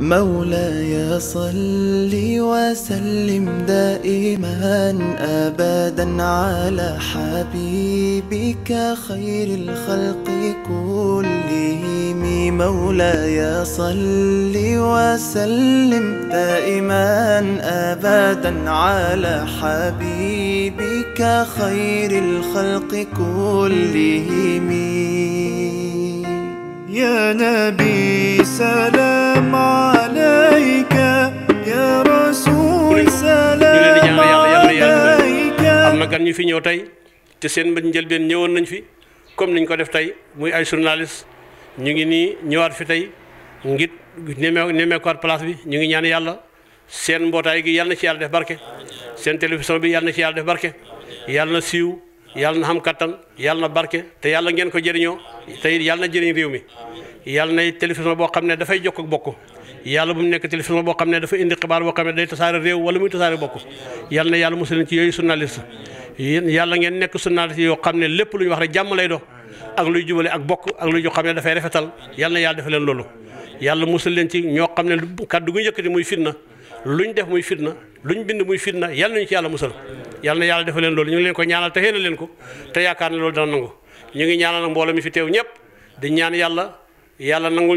مولاي صل وسلم دائما ابدا على حبيبك خير الخلق كلهم مولاي صل وسلم دائما ابدا على حبيبك خير الخلق كلهم يا نبي سلام عليك na gan ñi fi ñëw tey te seen mbëj njëlbeen ñëwoon nañ fi comme niñ ko def tey muy ay journaliste ñu ngi nii ñëwaat fi tey ngir nemee nemeekuwaat place bi ñu ngi ñaan yàlla seen mbootaay gi yàlla na ci yàlla def barke seen télévision bi yàlla na ci yàlla def barke yàlla na siiw yàlla na xam kattan yàlla na barke te yàlla ngeen ko jëriñoo te yàlla na jëriñ réew mi yàlla nay télévision boo xam ne dafay jokk ak bokk yàlla bu mu nekk télévision boo xam ne dafa indi xibaar boo xam ne day tasaare réew wala muy tasaare bokk yàlla na yàlla musal ci lu ñu wax rek lu ñu xam ne dafay rafetal yàlla na yàlla defal leen loolu yàlla musal leen ci ñoo xam ne kàddu gu yëkkati muy fitna luñ def muy fitna luñ bind muy fitna yàlla nañu ci yàlla musal yàlla na yàlla defal loolu ñu ngi leen ko ñaanal te xéena leen ko te yaakaar ne loolu dana nangu ñu ngi ñaanal nag mi fi teew ñëpp di ñaan yàlla yàlla nangul